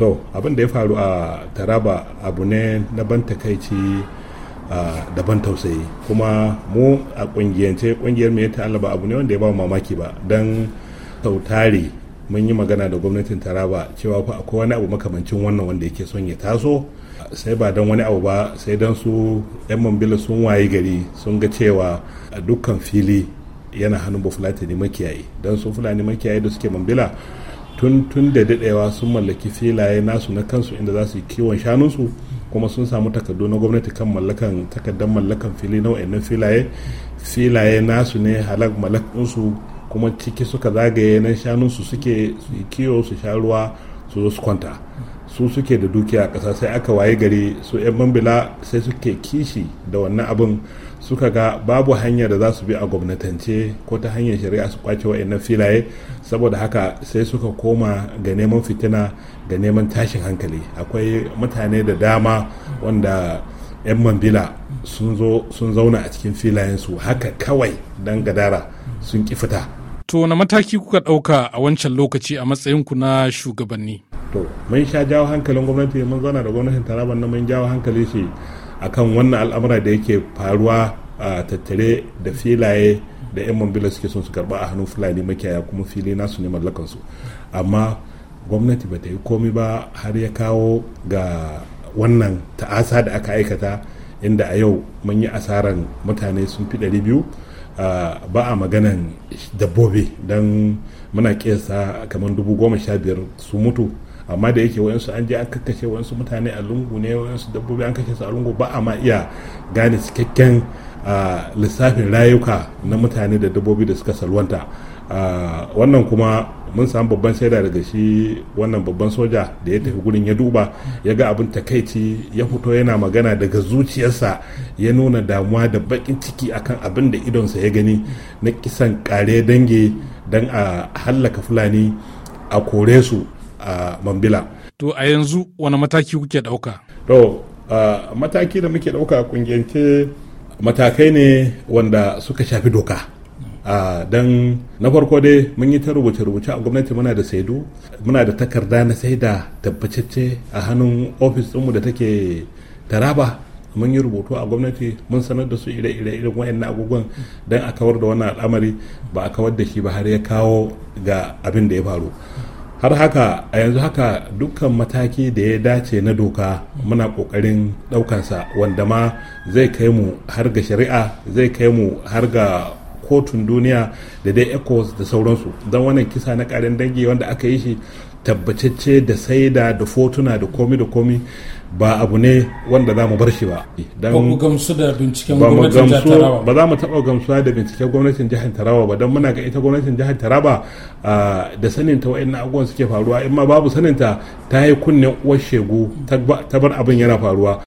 to abin da ya faru a taraba abu ne na ban takaici da ban tausayi kuma mu a kungiyance kungiyar mai ta ba abu ne wanda ya ba mamaki ba don tautari mun yi magana da gwamnatin taraba cewa fa akwai wani abu makamancin wannan wanda yake son ya taso sai ba don wani abu ba sai don su 'yan mambila sun wayi gari sun ga cewa a dukkan fili yana hannun ba makiyayi don su fulani makiyayi da suke mambila tun tun da daɗewa sun mallaki filaye nasu na kansu inda za su yi kiwon shanunsu kuma sun samu takardu na gwamnati kan mallakan takardar mallakan fili na wa'annan filaye filaye nasu ne halak mallakinsu kuma ciki suka zagaye na shanunsu suke su kiwo su sha ruwa su zo su kwanta su suke da dukiya a ƙasa sai aka waye gari su 'yan mambila sai suke kishi da wannan abin suka ga babu hanyar da za su bi a gwamnatance ko ta hanyar shari'a su kwace wa'annan filaye saboda haka sai suka koma ga neman fitina ga neman tashin hankali akwai mutane da dama wanda 'yan mambila sun zauna a cikin filayensu haka kawai don gadara sun ki fita to na mataki kuka ɗauka a wancan lokaci a matsayinku na shugabanni to mun sha jawo hankalin gwamnati mun zana da gwamnatin taraban na mun jawo hankali shi akan wannan al'amura da yake faruwa a tattare da filaye da yan mambila suke son su karba a hannun fulani makiyaya kuma fili nasu ne mallakansu amma gwamnati ba ta yi komi ba har ya kawo ga wannan ta'asa da aka aikata inda a yau mun yi asaran mutane sun fi biyu. ba a maganan dabbobi don muna kesa kamar dubu goma sha biyar su mutu amma da yake wayansu an je an kakkashe wayansu mutane a lungu ne wayansu dabbobi an kashe su a lungu ba a ma iya gane cikakken lissafin rayuka na mutane da dabbobi da suka salwanta wannan kuma mun samu babban shaida daga shi wannan babban soja da ya tafi gurin ya duba ya ga abin takaici ya fito yana magana daga zuciyarsa ya nuna damuwa da bakin ciki akan abin da idonsa ya gani na kisan kare dange don a hallaka fulani a kore su a mambila to a yanzu wani mataki kuke ɗauka to mataki da muke ɗauka kungiyance matakai ne wanda suka shafi doka Uh, don na farko dai mun yi ta rubuce-rubuce a gwamnati muna da saidu muna da takarda na saida tabbacacce a hannun ofis ɗinmu da take taraba mun yi rubutu a gwamnati mun sanar da su ire-ire irin wayannan abubuwan don a kawar da wannan al'amari ba a kawar da shi ba har ya kawo ga abin da ya faru har haka a yanzu haka dukkan mataki da ya dace na doka muna kokarin daukansa wanda ma zai kai mu har ga shari'a zai kai mu har ga kotun duniya da dai ecos da sauransu don wannan kisa na karin dangi wanda aka yi shi tabbatacce da saida da fotuna da komi da komi ba abu ne wanda za mu bar shi ba. Ba gamsu da binciken gwamnatin jihar Taraba. Ba za mu taɓa gamsuwa da binciken gwamnatin jihar Taraba ba don muna ga ita gwamnatin jihar Taraba da ta wa'in abubuwan suke faruwa in ma babu saninta ta yi kunnen uwar shegu ta bar abin yana faruwa.